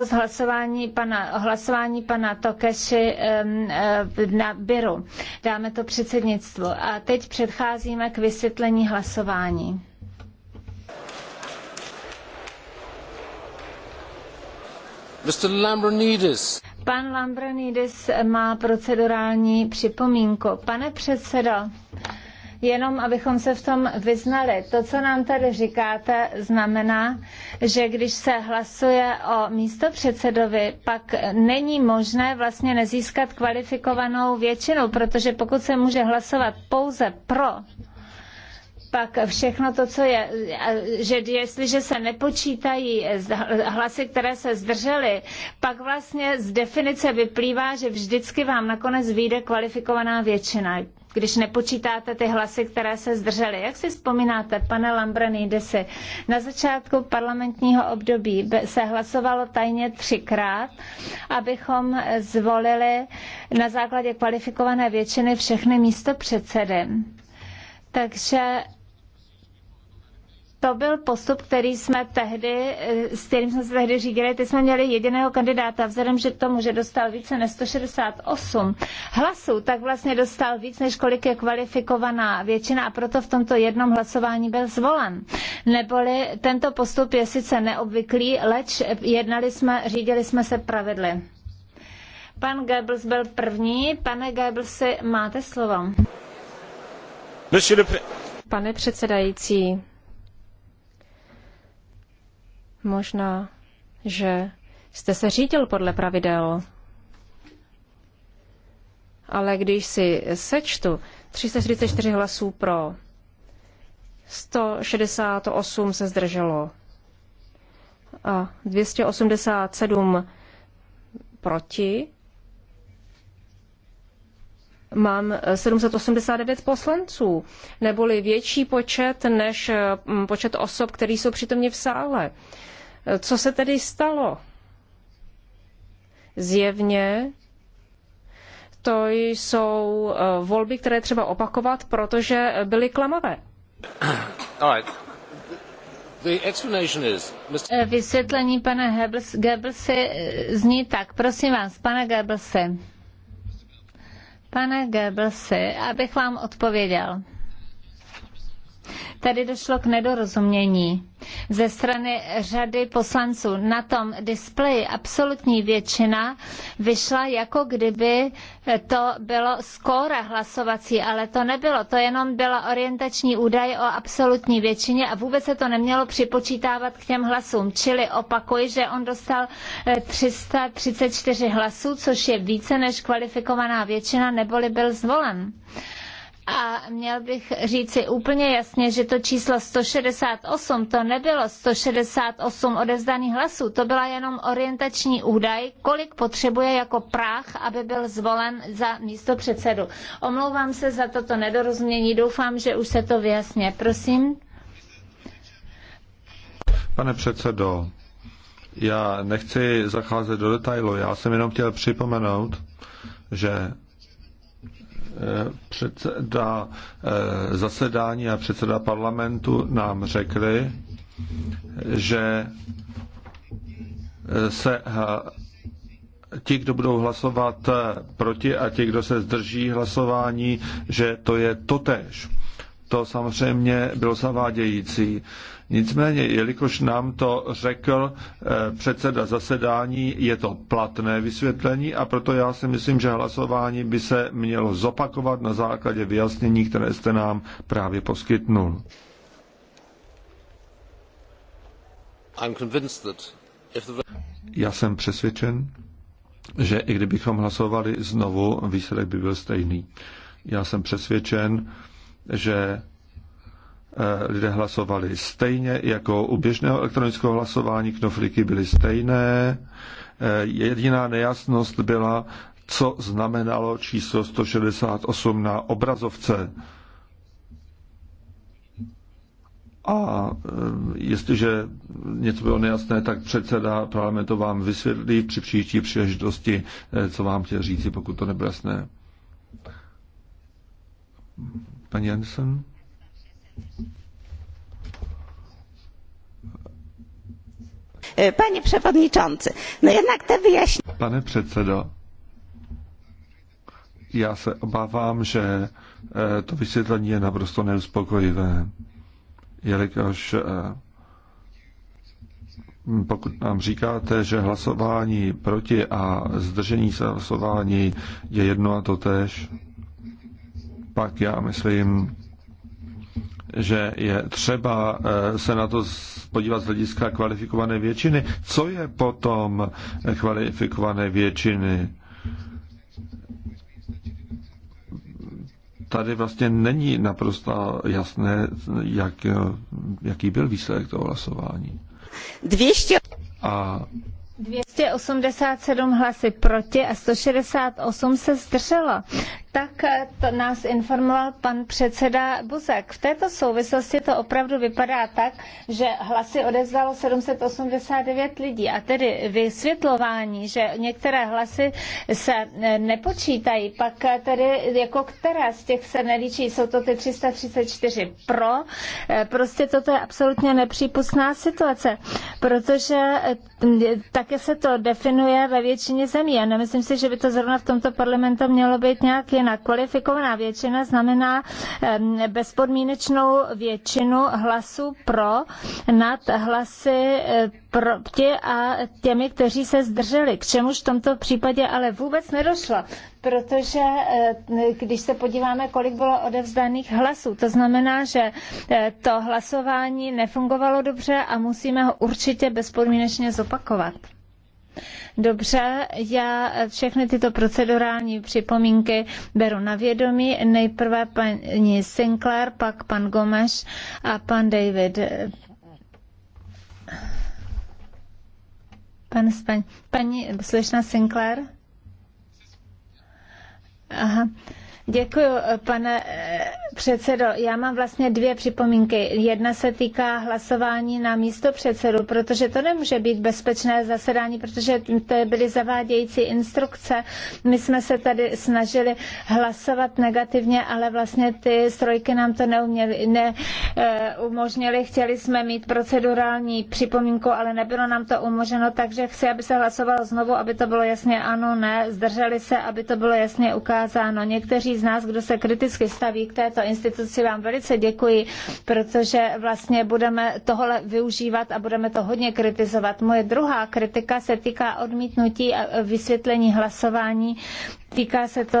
z hlasování pana, hlasování pana Tokeši na Biru. Dáme to předsednictvu. A teď předcházíme k vysvětlení hlasování. Mr. Lambronidis. Pan Lambronidis má procedurální připomínku. Pane předsedo, jenom abychom se v tom vyznali. To, co nám tady říkáte, znamená, že když se hlasuje o místo předsedovi, pak není možné vlastně nezískat kvalifikovanou většinu, protože pokud se může hlasovat pouze pro, pak všechno to, co je, že jestliže se nepočítají hlasy, které se zdržely, pak vlastně z definice vyplývá, že vždycky vám nakonec vyjde kvalifikovaná většina když nepočítáte ty hlasy, které se zdržely. Jak si vzpomínáte, pane si na začátku parlamentního období se hlasovalo tajně třikrát, abychom zvolili na základě kvalifikované většiny všechny místo předsedy. Takže to byl postup, který jsme tehdy, eh, s kterým jsme se tehdy řídili, ty jsme měli jediného kandidáta, vzhledem, že k tomu, že dostal více než 168 hlasů, tak vlastně dostal víc, než kolik je kvalifikovaná většina a proto v tomto jednom hlasování byl zvolen. Neboli tento postup je sice neobvyklý, leč jednali jsme, řídili jsme se pravidly. Pan Goebbels byl první. Pane Goebbelsi, máte slovo. Pane předsedající, Možná, že jste se řídil podle pravidel, ale když si sečtu 344 hlasů pro, 168 se zdrželo a 287 proti, mám 789 poslanců, neboli větší počet než mm, počet osob, které jsou přítomně v sále. Co se tedy stalo? Zjevně to jsou eh, volby, které třeba opakovat, protože byly klamavé. Eh, vysvětlení pana Goebbels, eh, zní tak. Prosím vás, pane Goebbelse. Pane Goebbelse, abych vám odpověděl. Tady došlo k nedorozumění ze strany řady poslanců. Na tom displeji absolutní většina vyšla jako kdyby to bylo skóra hlasovací, ale to nebylo. To jenom byla orientační údaj o absolutní většině a vůbec se to nemělo připočítávat k těm hlasům. Čili opakuj, že on dostal 334 eh, hlasů, což je více než kvalifikovaná většina, neboli byl zvolen. A měl bych říci úplně jasně, že to číslo 168, to nebylo 168 odevzdaných hlasů, to byla jenom orientační údaj, kolik potřebuje jako práh, aby byl zvolen za místo předsedu. Omlouvám se za toto nedorozumění, doufám, že už se to vyjasně. Prosím. Pane předsedo, já nechci zacházet do detailu, já jsem jenom chtěl připomenout, že předseda eh, zasedání a předseda parlamentu nám řekli, že eh, se eh, ti, kdo budou hlasovat proti a ti, kdo se zdrží hlasování, že to je totéž. To samozřejmě bylo zavádějící. Nicméně, jelikož nám to řekl eh, předseda zasedání, je to platné vysvětlení a proto já si myslím, že hlasování by se mělo zopakovat na základě vyjasnění, které jste nám právě poskytnul. Já jsem přesvědčen, že i kdybychom hlasovali znovu, výsledek by byl stejný. Já jsem přesvědčen, že Eh, lidé hlasovali stejně, jako u běžného elektronického hlasování knoflíky byly stejné. Eh, jediná nejasnost byla, co znamenalo číslo 168 na obrazovce. A eh, jestliže něco bylo nejasné, tak předseda parlamentu vám vysvětlí při příští příležitosti, co vám chtěl říci, pokud to nebylo jasné. Pan Jensen? E, Pane předsedající, no jednak te vyjašnění. Pane předsedo, já se obávám, že e, to vysvětlení je naprosto neuspokojivé, jelikož e, pokud nám říkáte, že hlasování proti a zdržení se hlasování je jedno a to tež, pak já myslím, že je třeba eh, se na to podívat z hlediska kvalifikované většiny. Co je potom kvalifikované většiny? Tady vlastně není naprosto jasné, jak, jaký byl výsledek toho hlasování. 200. A 287 hlasy proti a 168 se zdrželo tak to nás informoval pan předseda Buzek. V této souvislosti to opravdu vypadá tak, že hlasy odezvalo 789 lidí a tedy vysvětlování, že některé hlasy se nepočítají, pak tedy jako která z těch se nelíčí, jsou to ty 334 pro, prostě toto je absolutně nepřípustná situace, protože mm, také se to definuje ve většině zemí a nemyslím si, že by to zrovna v tomto parlamentu mělo být nějak jinak většina. Kvalifikovaná většina znamená bezpodmínečnou většinu hlasů pro nad hlasy e, proti a těmi, kteří se zdrželi, k čemuž v tomto případě ale vůbec nedošlo, protože e, když se podíváme, kolik bylo odevzdaných hlasů, to znamená, že e, to hlasování nefungovalo dobře a musíme ho určitě bezpodmínečně zopakovat. Dobře, já všechny tyto procedurální připomínky beru na vědomí. Nejprve paní Sinclair, pak pan Gomes a pan David. Pan, paní, paní slyšná Sinclair? Aha. Děkuji, pane eh, předsedo. Já mám vlastně dvě připomínky. Jedna se týká hlasování na místo předsedu, protože to nemůže být bezpečné zasedání, protože to byly zavádějící instrukce. My jsme se tady snažili hlasovat negativně, ale vlastně ty strojky nám to neuměly, neumožnili. Eh, Chtěli jsme mít procedurální připomínku, ale nebylo nám to umoženo, takže chci, aby se hlasovalo znovu, aby to bylo jasně ano, ne, zdrželi se, aby to bylo jasně ukázáno. Někteří z nás, kdo se kriticky staví k této instituci, vám velice děkuji, protože vlastně budeme tohle využívat a budeme to hodně kritizovat. Moje druhá kritika se týká odmítnutí a vysvětlení hlasování. Týká se to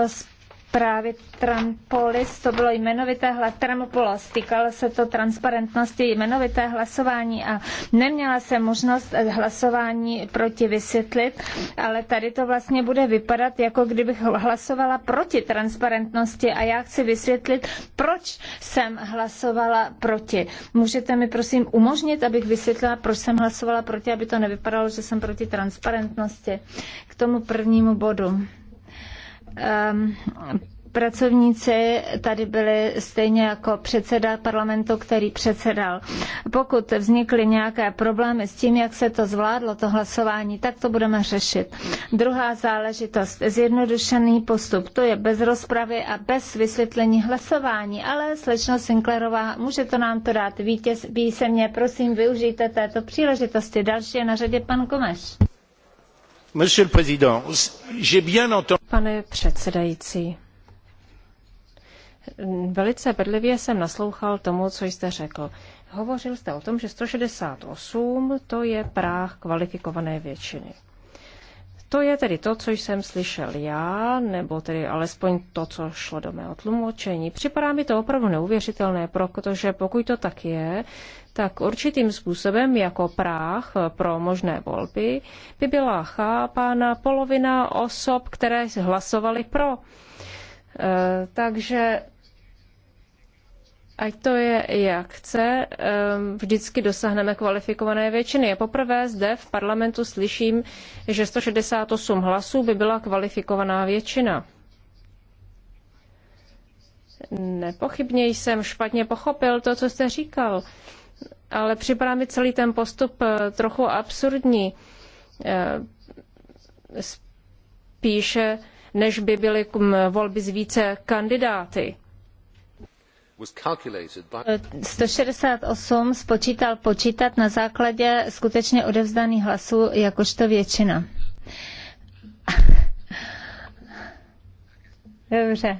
právě Trampolis, to bylo jmenovité Trampolis, týkalo se to transparentnosti jmenovité hlasování a neměla se možnost hlasování proti vysvětlit, ale tady to vlastně bude vypadat, jako kdybych hlasovala proti transparentnosti a já chci vysvětlit, proč jsem hlasovala proti. Můžete mi prosím umožnit, abych vysvětlila, proč jsem hlasovala proti, aby to nevypadalo, že jsem proti transparentnosti. K tomu prvnímu bodu. Ehm, pracovníci tady byli stejně jako předseda parlamentu, který předsedal. Pokud vznikly nějaké problémy s tím, jak se to zvládlo, to hlasování, tak to budeme řešit. Druhá záležitost, zjednodušený postup, to je bez rozpravy a bez vysvětlení hlasování, ale slečno Sinclairová, může to nám to dát vítěz, písemně, prosím, využijte této příležitosti. Další je na řadě pan Komeš. Pane předsedající, velice bedlivě jsem naslouchal tomu, co jste řekl. Hovořil jste o tom, že 168 to je práh kvalifikované většiny. To je tedy to, co jsem slyšel já, nebo tedy alespoň to, co šlo do mého tlumočení. Připadá mi to opravdu neuvěřitelné, protože pokud to tak je, tak určitým způsobem jako práh pro možné volby by byla chápána polovina osob, které hlasovali pro. E, takže Ať to je jak chce, ehm, vždycky dosáhneme kvalifikované většiny. poprvé zde v parlamentu slyším, že 168 hlasů by byla kvalifikovaná většina. Nepochybně jsem špatně pochopil to, co jste říkal, ale připadá mi celý ten postup eh, trochu absurdní. Eh, spíše, než by byly hm, volby z více kandidáty 168 eh, spočítal počítat na základě skutečně odevzdaných hlasů jakožto většina. Dobře.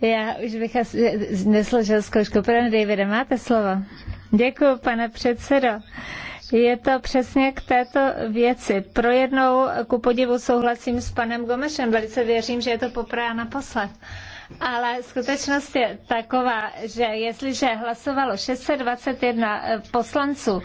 Já už bych nesložil zkoušku. Pane Davide, máte slovo. Děkuji, pane předsedo. Je to přesně k této věci. Pro jednou ku podivu souhlasím s panem Gomešem. Velice věřím, že je to poprvé naposled. posled ale skutečnost je taková, že jestliže hlasovalo 621 poslanců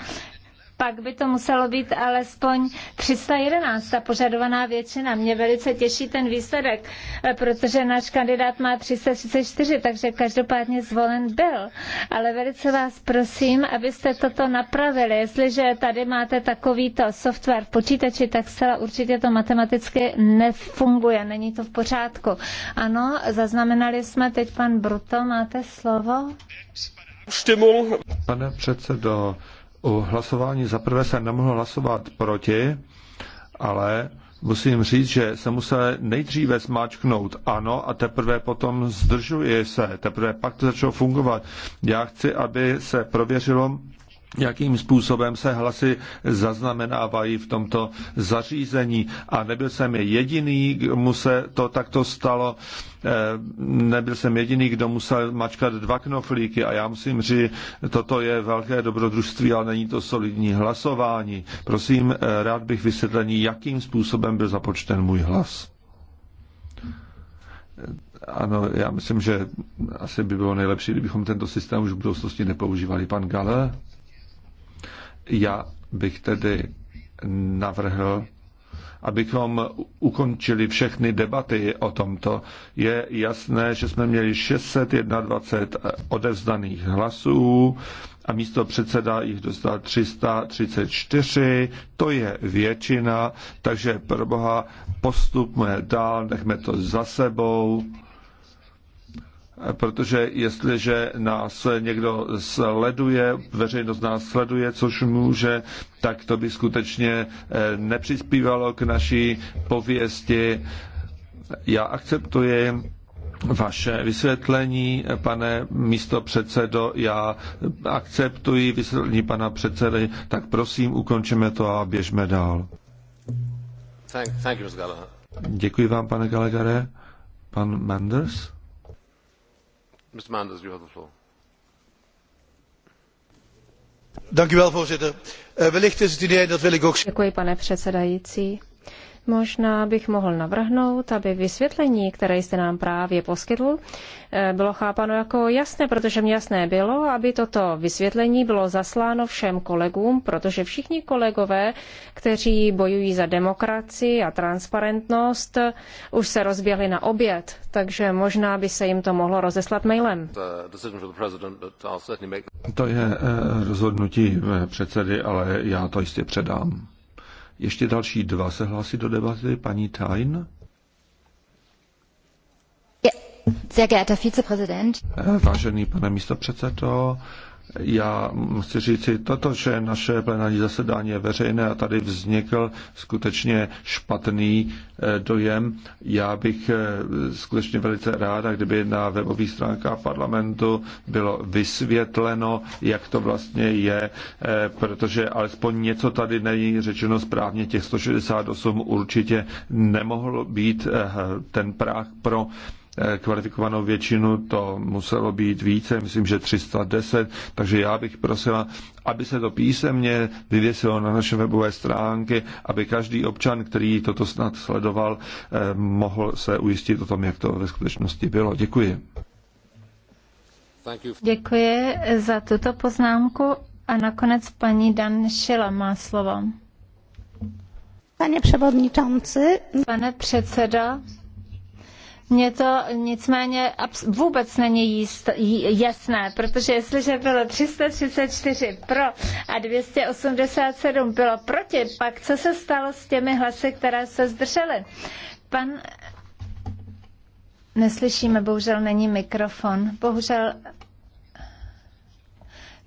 pak by to muselo být alespoň 311, ta požadovaná většina. Mě velice těší ten výsledek, protože náš kandidát má 334, takže každopádně zvolen byl. Ale velice vás prosím, abyste toto napravili. Jestliže tady máte takovýto software v počítači, tak zcela určitě to matematicky nefunguje, není to v pořádku. Ano, zaznamenali jsme, teď pan Bruto, máte slovo. Pane předsedo, u hlasování zaprvé se nemohl hlasovat proti, ale musím říct, že se musel nejdříve zmáčknout ano a teprve potom zdržuje se, teprve pak to začalo fungovat. Já chci, aby se prověřilo, jakým způsobem se hlasy zaznamenávají v tomto zařízení. A nebyl jsem jediný, mu se to takto stalo. Eh, nebyl jsem jediný, kdo musel mačkat dva knoflíky. A já musím říct, toto je velké dobrodružství, ale není to solidní hlasování. Prosím, eh, rád bych vysvětlení, jakým způsobem byl započten můj hlas. Eh, ano, já myslím, že asi by bylo nejlepší, kdybychom tento systém už v budoucnosti nepoužívali. Pan Gale? Já bych tedy navrhl, abychom ukončili všechny debaty o tomto. Je jasné, že jsme měli 621 odevzdaných hlasů a místo předseda jich dostal 334, to je většina, takže pro boha postupme dál, nechme to za sebou protože jestliže nás někdo sleduje, veřejnost nás sleduje, což může, tak to by skutečně eh, nepřispívalo k naší pověsti. Já akceptuji vaše vysvětlení, pane místo předsedo, já akceptuji vysvětlení pana předsedy, tak prosím, ukončeme to a běžme dál. Thank, thank you, Děkuji vám, pane Gallagher. Pan Manders? Děkuji, pane předsedající Možná bych mohl navrhnout, aby vysvětlení, které jste nám právě poskytl, eh, bylo chápano jako jasné, protože mě jasné bylo, aby toto vysvětlení bylo zasláno všem kolegům, protože všichni kolegové, kteří bojují za demokracii a transparentnost, už se rozběhli na oběd, takže možná by se jim to mohlo rozeslat mailem. To je eh, rozhodnutí eh, předsedy, ale já to jistě předám. Ještě další dva se hlásí do debaty. Paní Tain. Eh, vážený pane místopředsedo, já musím říci toto, že naše plenární zasedání je veřejné a tady vznikl skutečně špatný eh, dojem. Já bych eh, skutečně velice ráda, kdyby na webových stránkách parlamentu bylo vysvětleno, jak to vlastně je, eh, protože alespoň něco tady není řečeno správně. Těch 168 určitě nemohl být ten práh pro Eh, kvalifikovanou většinu to muselo být více, myslím, že 310, takže já bych prosila, aby se to písemně vyvěsilo na naše webové stránky, aby každý občan, který toto snad sledoval, eh, mohl se ujistit o tom, jak to ve skutečnosti bylo. Děkuji. Děkuji za tuto poznámku a nakonec paní Dan Šila má slovo. Pane předsedo, mně to nicméně vůbec není jist, jasné, protože jestliže bylo 334 pro a 287 bylo proti, pak co se stalo s těmi hlasy, které se zdržely? Pan Neslyšíme, bohužel není mikrofon. Bohužel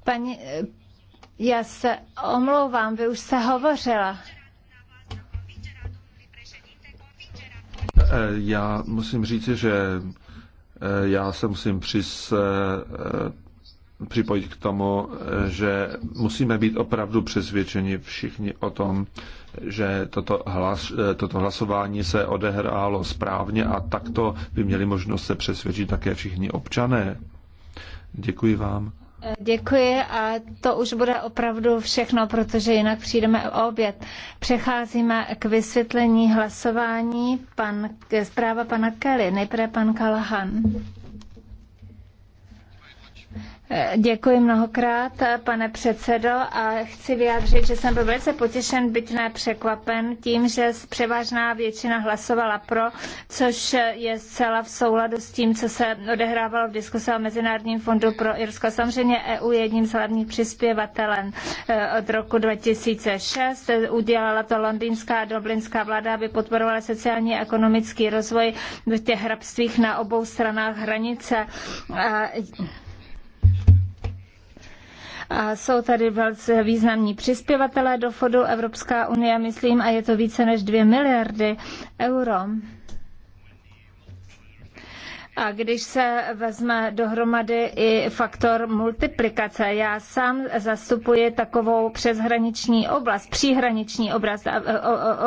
paní, já se omlouvám, vy už se hovořila. Eh, já musím říct, že eh, já se musím přis, eh, připojit k tomu, že musíme být opravdu přesvědčeni všichni o tom, že toto, hlas, toto hlasování se odehrálo správně a takto by měli možnost se přesvědčit také všichni občané. Děkuji vám. Děkuji a to už bude opravdu všechno, protože jinak přijdeme o oběd. Přecházíme k vysvětlení hlasování. Pan, zpráva pana Kelly, nejprve pan Kalahan. Děkuji mnohokrát, pane předsedo, a chci vyjádřit, že jsem byl velice potěšen, byť ne překvapen tím, že převážná většina hlasovala pro, což je zcela v souladu s tím, co se odehrávalo v diskuse o Mezinárodním fondu pro Irsko. Samozřejmě EU je jedním z hlavních přispěvatelů eh, od roku 2006. Udělala to londýnská a dublinská vláda, aby podporovala sociální a ekonomický rozvoj v těch hrabstvích na obou stranách hranice. A a jsou tady velice významní přispěvatelé do FODu Evropská unie, myslím, a je to více než 2 miliardy euro a když se vezme dohromady i faktor multiplikace, já sám zastupuji takovou přeshraniční oblast, příhraniční oblast a,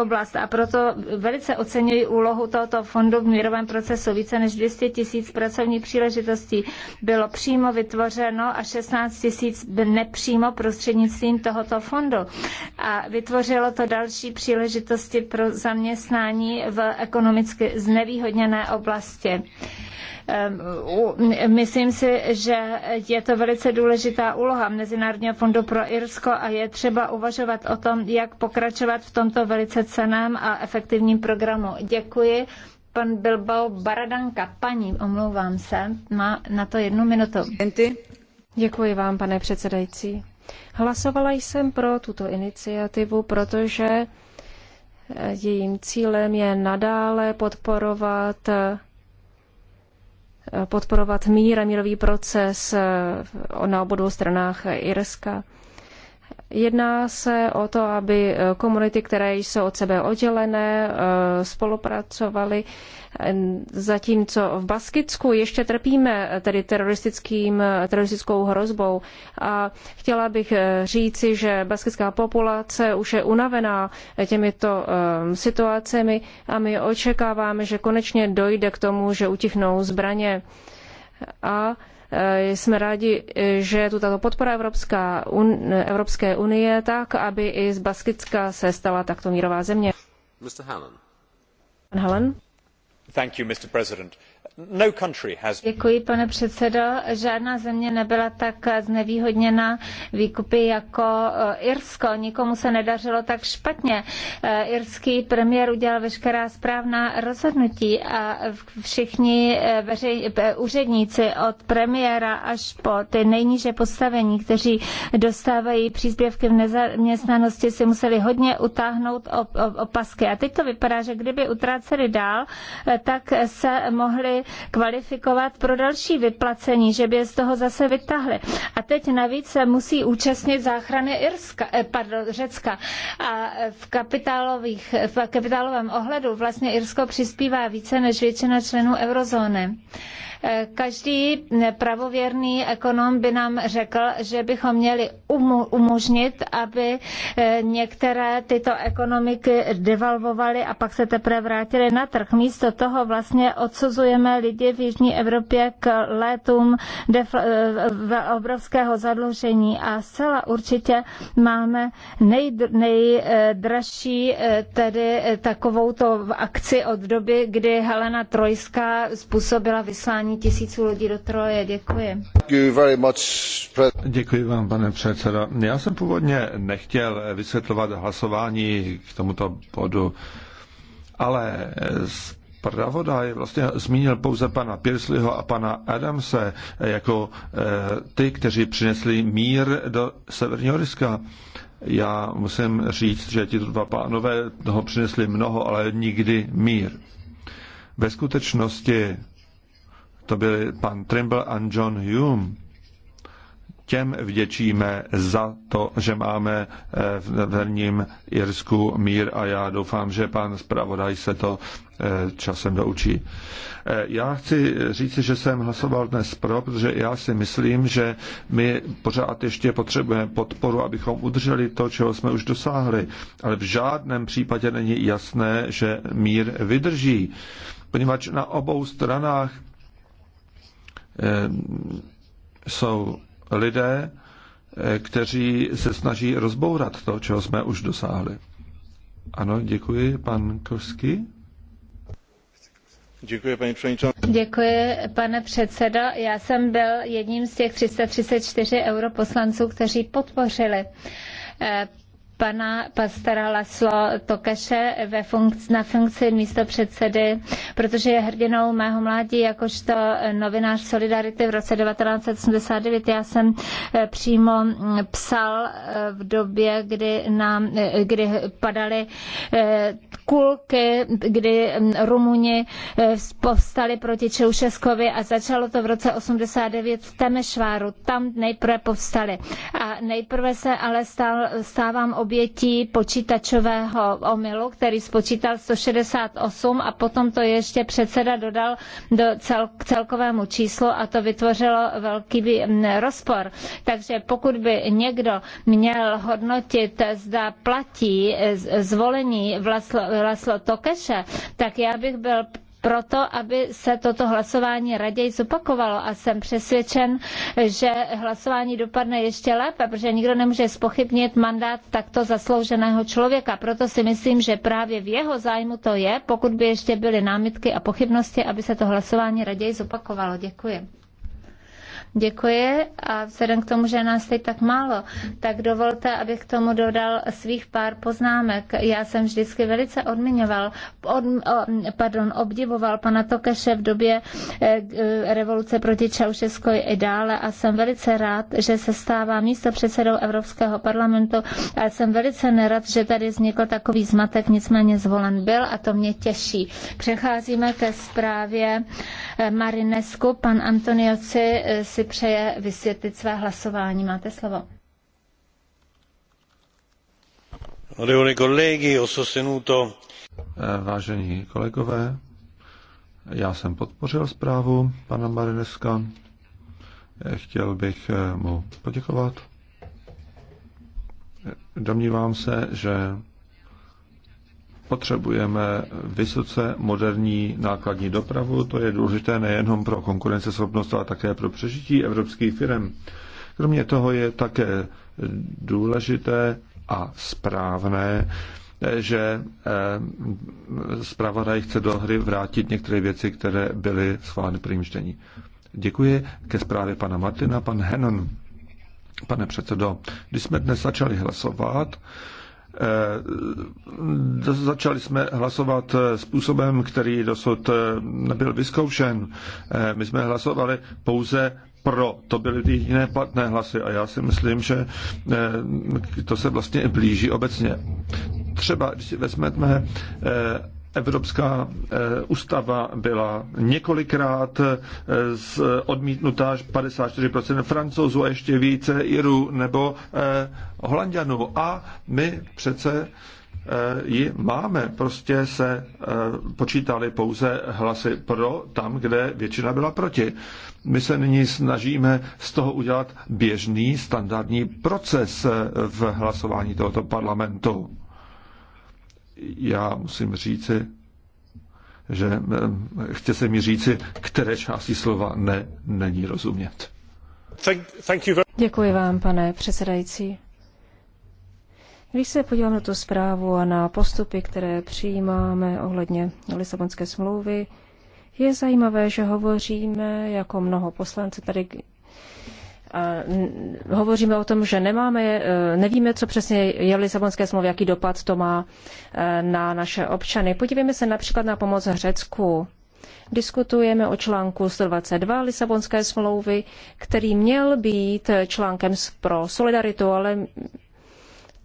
oblast a proto velice oceňuji úlohu tohoto fondu v mírovém procesu. Více než 200 tisíc pracovních příležitostí bylo přímo vytvořeno a 16 tisíc nepřímo prostřednictvím tohoto fondu. A vytvořilo to další příležitosti pro zaměstnání v ekonomicky znevýhodněné oblasti. Ehm, myslím si, že je to velice důležitá úloha Mezinárodního fondu pro Irsko a je třeba uvažovat o tom, jak pokračovat v tomto velice ceném a efektivním programu. Děkuji. Pan Bilbao Baradanka, paní, omlouvám se, má na to jednu minutu. Děkuji vám, pane předsedající. Hlasovala jsem pro tuto iniciativu, protože eh, jejím cílem je nadále podporovat podporovat mír a mírový proces eh, na obou dvou stranách Irska. Jedná se o to, aby eh, komunity, které jsou od sebe oddělené, eh, spolupracovaly, eh, zatímco v Baskicku ještě trpíme tedy teroristickým, teroristickou hrozbou. A chtěla bych říci, že baskická populace už je unavená těmito situacemi a my očekáváme, že konečně dojde k tomu, že utichnou zbraně. A Eh, jsme rádi, eh, že je tu tato podpora Evropská un, Evropské unie tak, aby i z Baskicka se stala takto mírová země. Mr. Hallen. Pan Hallen. Thank you, Mr. President. No Děkuji, pane předsedo. Žádná země nebyla tak znevýhodněna výkupy jako eh, Irsko. Nikomu se nedařilo tak špatně. Eh, irský premiér udělal veškerá správná rozhodnutí a všichni eh, veřej, úředníci od premiéra až po ty nejníže postavení, kteří dostávají příspěvky v nezaměstnanosti, si museli hodně utáhnout opasky. A teď to vypadá, že kdyby utráceli dál, tak se mohli kvalifikovat pro další vyplacení, že by je z toho zase vytahli. A teď navíc se musí účastnit záchrany Irska, eh, pardon, Řecka. A v, kapitálových, v kapitálovém ohledu vlastně Irsko přispívá více než většina členů eurozóny. Každý pravověrný ekonom by nám řekl, že bychom měli umožnit, aby eh, některé tyto ekonomiky devalvovaly a pak se teprve vrátily na trh. Místo toho vlastně odsuzujeme lidi v Jižní Evropě k létům eh, obrovského zadlužení a zcela určitě máme nejd- nejdražší eh, tedy takovouto akci od doby, kdy Helena Trojská způsobila vyslání vysílání tisíců lidí do Troje. Děkuji. Děkuji vám, pane předsedo. Já jsem původně nechtěl vysvětlovat hlasování k tomuto bodu, ale je vlastně zmínil pouze pana Pirsliho a pana Adamse jako eh, ty, kteří přinesli mír do Severního Ryska. Já musím říct, že ti dva pánové toho přinesli mnoho, ale nikdy mír. Ve skutečnosti to byli pan Trimble a John Hume. Těm vděčíme za to, že máme eh, v Verním Irsku mír a já doufám, že pan zpravodaj se to eh, časem doučí. Eh, já chci říct, že jsem hlasoval dnes pro, protože já si myslím, že my pořád ještě potřebujeme podporu, abychom udrželi to, čeho jsme už dosáhli. Ale v žádném případě není jasné, že mír vydrží poněvadž na obou stranách Eh, jsou lidé, eh, kteří se snaží rozbourat to, čeho jsme už dosáhli. Ano, děkuji, pan Kovský. Děkuji, paní Děkuji, pane předsedo. Já jsem byl jedním z těch 334 europoslanců, kteří podpořili eh, pana pastora Laslo Tokeše ve funkci, na funkci místo předsedy, protože je hrdinou mého mládí jakožto novinář Solidarity v roce 1989. Já jsem eh, přímo mm, psal eh, v době, kdy, nám, eh, kdy padaly kulky, kdy mm, Rumuni povstali proti Čeušeskovi a začalo to v roce 89 v Temešváru. Tam nejprve povstali. A nejprve se ale stál, stávám ob obětí počítačového omylu, který spočítal 168 a potom to ještě předseda dodal do cel, k celkovému číslu a to vytvořilo velký rozpor. Takže pokud by někdo měl hodnotit, zda platí zvolení Vlaslo, Vlaslo Tokeše, tak já bych byl proto, aby se toto hlasování raději zopakovalo a jsem přesvědčen, že hlasování dopadne ještě lépe, protože nikdo nemůže spochybnit mandát takto zaslouženého člověka. Proto si myslím, že právě v jeho zájmu to je, pokud by ještě byly námitky a pochybnosti, aby se to hlasování raději zopakovalo. Děkuji. Děkuji a vzhledem k tomu, že nás teď tak málo, tak dovolte, abych k tomu dodal svých pár poznámek. Já jsem vždycky velice odmiňoval, od, pardon, obdivoval pana Tokeše v době eh, eh, revoluce proti Čaušesko i dále a jsem velice rád, že se stává místo předsedou Evropského parlamentu a jsem velice nerad, že tady vznikl takový zmatek, nicméně zvolen byl a to mě těší. Přecházíme ke zprávě eh, Marinesku. Pan Antonioci si přeje vysvětlit své hlasování. Máte slovo. Vážení kolegové, já jsem podpořil zprávu pana Marineska. Chtěl bych mu poděkovat. Domnívám se, že potřebujeme vysoce moderní nákladní dopravu. To je důležité nejenom pro konkurenceschopnost, ale také pro přežití evropských firm. Kromě toho je také důležité a správné, že eh, zpravodaj chce do hry vrátit některé věci, které byly schváleny prvním čtení. Děkuji ke zprávě pana Martina, pan Henon. Pane předsedo, když jsme dnes začali hlasovat, Eh, e, začali jsme hlasovat eh, způsobem, který dosud eh, nebyl vyzkoušen. My jsme hlasovali pouze pro. To byly ty jiné platné hlasy a já si myslím, že to se vlastně blíží obecně. Třeba, když si vezmeme Evropská eh, ústava byla několikrát eh, odmítnutá 54% francouzů a ještě více Irů nebo eh, Holandianů. A my přece ji máme. Prostě se počítali pouze hlasy pro tam, kde většina byla proti. My se nyní snažíme z toho udělat běžný standardní proces v hlasování tohoto parlamentu já musím říci, že eh, chce se mi říci, které části slova ne, není rozumět. Děkuji vám, pane předsedající. Když se podívám na tu zprávu a na postupy, které přijímáme ohledně Lisabonské smlouvy, je zajímavé, že hovoříme jako mnoho poslanců tady hovoříme o tom, že nemáme, e, nevíme, co přesně je Lisabonské smlouvy, jaký dopad to má e, na naše občany. Podívejme se například na pomoc Řecku. Diskutujeme o článku 122 Lisabonské smlouvy, který měl být článkem pro solidaritu, ale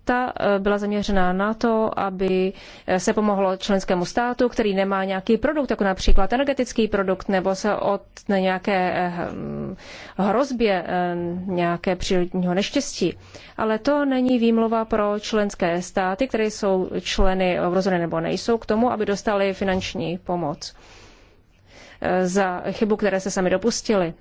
ta eh, byla zaměřená na to, aby eh, se pomohlo členskému státu, který nemá nějaký produkt, jako například energetický produkt, nebo se od nějaké eh, hm, hrozbě nějaké přírodního neštěstí. Ale to není výmluva pro členské státy, které jsou členy eurozóny nebo nejsou, k tomu, aby dostali finanční pomoc za chybu, které se sami dopustili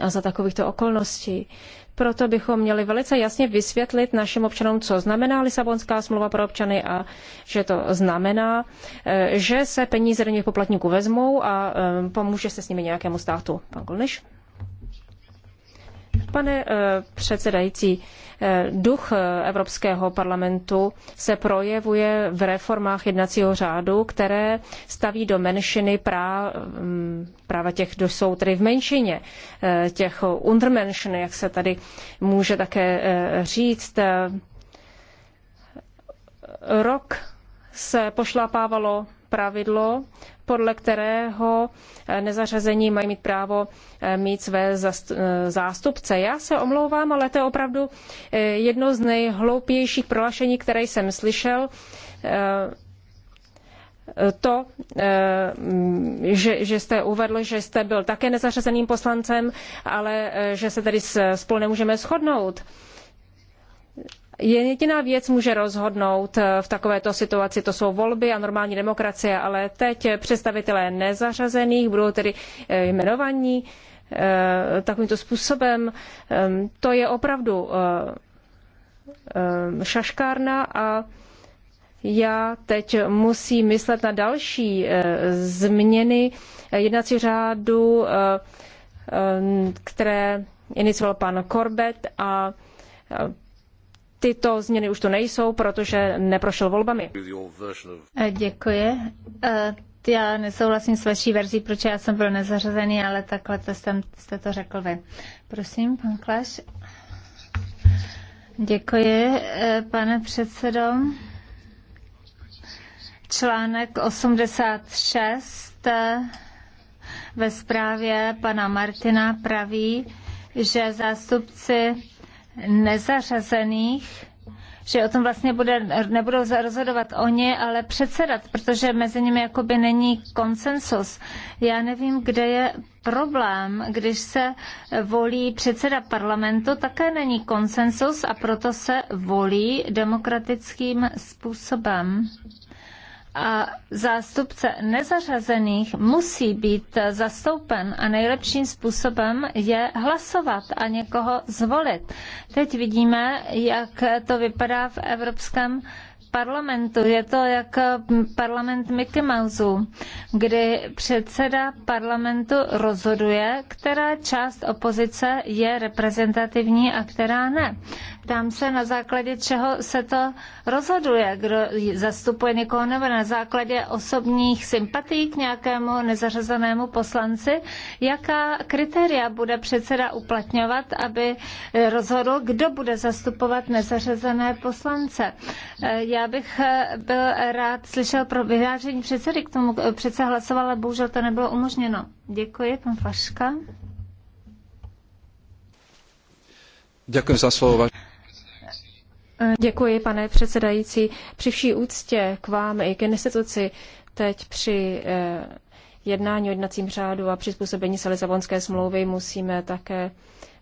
a za takovýchto okolností. Proto bychom měli velice jasně vysvětlit našim občanům, co znamená Lisabonská smlouva pro občany a že to znamená, eh, že se peníze daných poplatníků vezmou a eh, pomůže se s nimi nějakému státu. Pan Pane eh, předsedající, Eh, duch eh, Evropského parlamentu se projevuje v reformách jednacího řádu, které staví do menšiny prá, mm, práva těch, kdo jsou tedy v menšině, eh, těch undermenšin, jak se tady může také říct. Rok se pošlapávalo pravidlo, podle kterého eh, nezařazení mají mít právo eh, mít své eh, zástupce. Já se omlouvám, ale to je opravdu jedno z nejhloupějších prohlášení, které jsem slyšel to, že, že, jste uvedl, že jste byl také nezařazeným poslancem, ale že se tedy spolu nemůžeme shodnout. Jediná věc může rozhodnout eh, v takovéto situaci, to jsou volby a normální demokracie, ale teď představitelé nezařazených budou tedy eh, jmenovaní eh, takovýmto způsobem. Ehm, to je opravdu šaškárna a já teď musím myslet na další změny jednací řádu, které inicioval pan Corbett a tyto změny už tu nejsou, protože neprošel volbami. Děkuji. E, já nesouhlasím s vaší verzí, protože já jsem byl nezařazený, ale takhle to jsem, jste to řekl vy. Prosím, pan Klaš. Děkuji, e, pane předsedo. Článek 86 e, ve zprávě pana Martina praví, že zástupci nezařazených že o tom vlastně bude, nebudou rozhodovat oni, ale předsedat, protože mezi nimi jakoby není konsensus. Já nevím, kde je problém, když se volí předseda parlamentu, také není konsensus a proto se volí demokratickým způsobem a zástupce nezařazených musí být zastoupen a nejlepším způsobem je hlasovat a někoho zvolit. Teď vidíme, jak to vypadá v Evropském parlamentu. Je to jak parlament Mickey Mouse, kdy předseda parlamentu rozhoduje, která část opozice je reprezentativní a která ne. Ptám se na základě čeho se to rozhoduje, kdo zastupuje někoho nebo na základě osobních sympatí k nějakému nezařazenému poslanci, jaká kritéria bude předseda uplatňovat, aby rozhodl, kdo bude zastupovat nezařazené poslance. Já bych byl rád slyšel pro vyjádření předsedy k tomu přece hlasoval, ale bohužel to nebylo umožněno. Děkuji, pan Flaška. Děkuji za slovo. Děkuji, pane předsedající. Při vší úctě k vám i k instituci teď při eh, jednání o jednacím řádu a přizpůsobení se Lisabonské smlouvy musíme také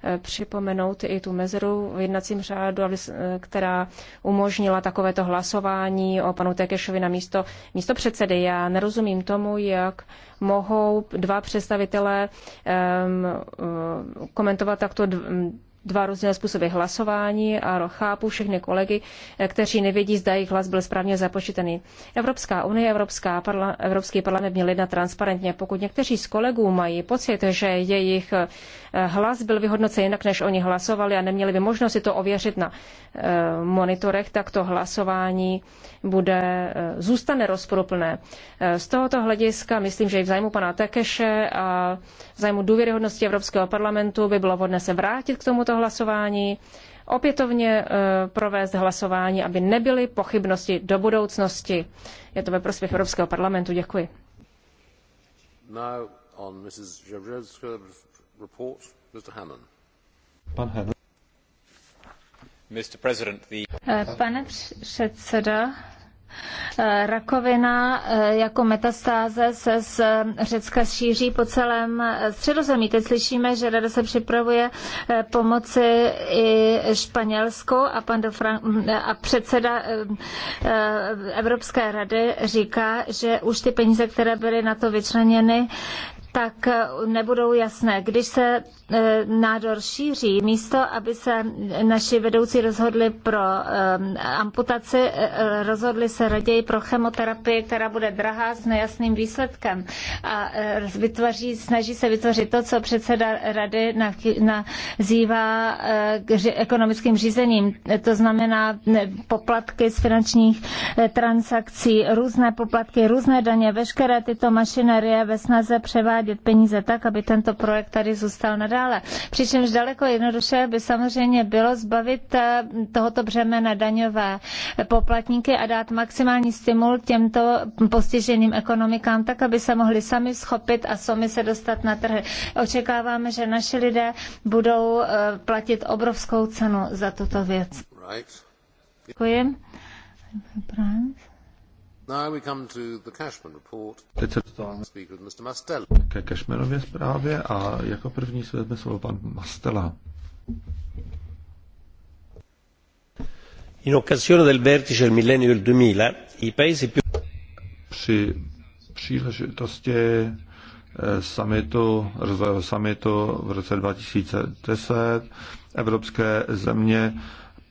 eh, připomenout i tu mezeru v jednacím řádu, eh, která umožnila takovéto hlasování o panu Tekešovi na místo, místo předsedy. Já nerozumím tomu, jak mohou dva představitelé um, komentovat takto dv, dva různé způsoby hlasování a chápu všechny kolegy, eh, kteří nevědí, zda jejich hlas byl správně započítaný. Evropská unie, Evropská parla, Evropský parlament měl jednat transparentně. Pokud někteří z kolegů mají pocit, že jejich eh, hlas byl vyhodnocen jinak, než oni hlasovali a neměli by možnost si to ověřit na eh, monitorech, tak to hlasování bude, zůstane rozproplné. Z tohoto hlediska myslím, že i v zájmu pana Tekeše a v zájmu důvěryhodnosti Evropského parlamentu by bylo vhodné se vrátit k tomuto tomto hlasování, opětovně eh, provést hlasování, aby nebyly pochybnosti do budoucnosti. Je to ve prospěch Evropského parlamentu. Děkuji. Pan eh, Pane předsedo, Eh, rakovina eh, jako metastáze se z Řecka šíří po celém eh, středozemí. Teď slyšíme, že rada se připravuje pomoci i Španělsku a, pan do Fran- a předseda Evropské rady říká, že už ty peníze, které byly na to vyčleněny, tak eh, nebudou jasné. Když se eh, nádor šíří, místo, aby se naši vedoucí rozhodli pro eh, amputaci, rozhodli se raději pro chemoterapii, která bude drahá s nejasným výsledkem a vytvoří, snaží se vytvořit to, co předseda rady nazývá ekonomickým řízením. To znamená poplatky z finančních transakcí, různé poplatky, různé daně, veškeré tyto mašinerie ve snaze převádět odvádět peníze tak, aby tento projekt tady zůstal nadále. Přičemž daleko jednoduše by samozřejmě bylo zbavit eh, tohoto břemena daňové poplatníky a dát maximální stimul těmto postiženým ekonomikám, tak, aby se mohli sami schopit a sami se dostat na trhy. Očekáváme, že naši lidé budou eh, platit obrovskou cenu za tuto věc. Děkuji. Franz. Teď se ke Cashmanově zprávě a jako první se vezme slovo pan Mastela. In occasione del vertice del millennio del 2000, i paesi più... Při příležitosti eh, summitu, rozvojového summitu v roce 2010 evropské země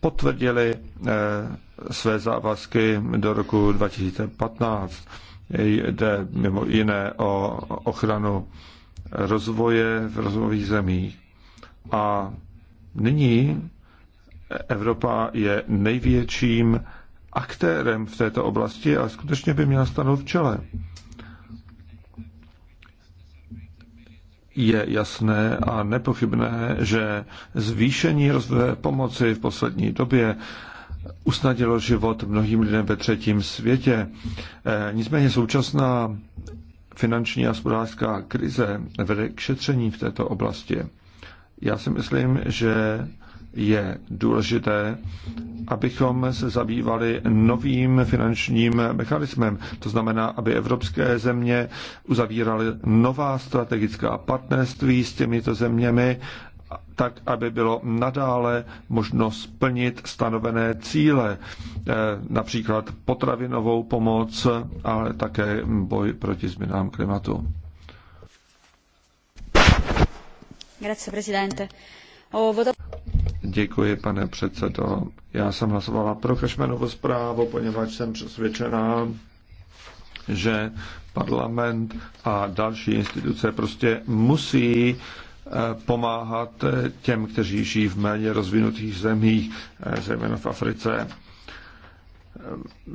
potvrdili eh, své závazky do roku 2015. Jde mimo jiné o ochranu rozvoje v rozvojových zemích. A nyní Evropa je největším aktérem v této oblasti a skutečně by měla stanout v čele. je jasné a nepochybné, že zvýšení rozvoje pomoci v poslední době usnadilo život mnohým lidem ve třetím světě. Eh, nicméně současná finanční a hospodářská krize vede k šetření v této oblasti. Já si myslím, že je důležité, abychom se zabývali novým finančním mechanismem. To znamená, aby evropské země uzavíraly nová strategická partnerství s těmito zeměmi, tak, aby bylo nadále možno splnit stanovené cíle, eh, například potravinovou pomoc, ale také boj proti změnám klimatu. Grazie, presidente. Děkuji, pane předsedo. Já jsem hlasovala pro Kašmenovu zprávu, poněvadž jsem přesvědčená, že parlament a další instituce prostě musí eh, pomáhat eh, těm, kteří žijí v méně rozvinutých zemích, eh, zejména v Africe.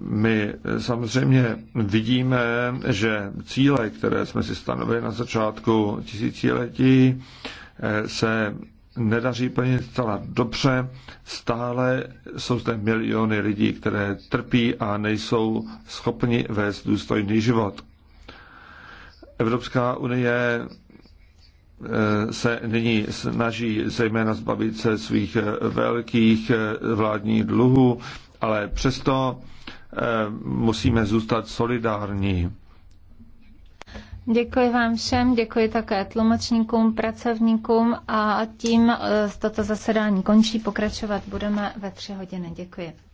My samozřejmě vidíme, že cíle, které jsme si stanovili na začátku tisíciletí, se nedaří plně zcela dobře. Stále jsou zde miliony lidí, které trpí a nejsou schopni vést důstojný život. Evropská unie eh, se nyní snaží zejména zbavit se svých eh, velkých eh, vládních dluhů, ale přesto musíme zůstat solidární Děkuji vám všem, děkuji také tlumočníkům, pracovníkům a tím eh, toto zasedání končí. Pokračovat budeme ve tři hodiny. Děkuji.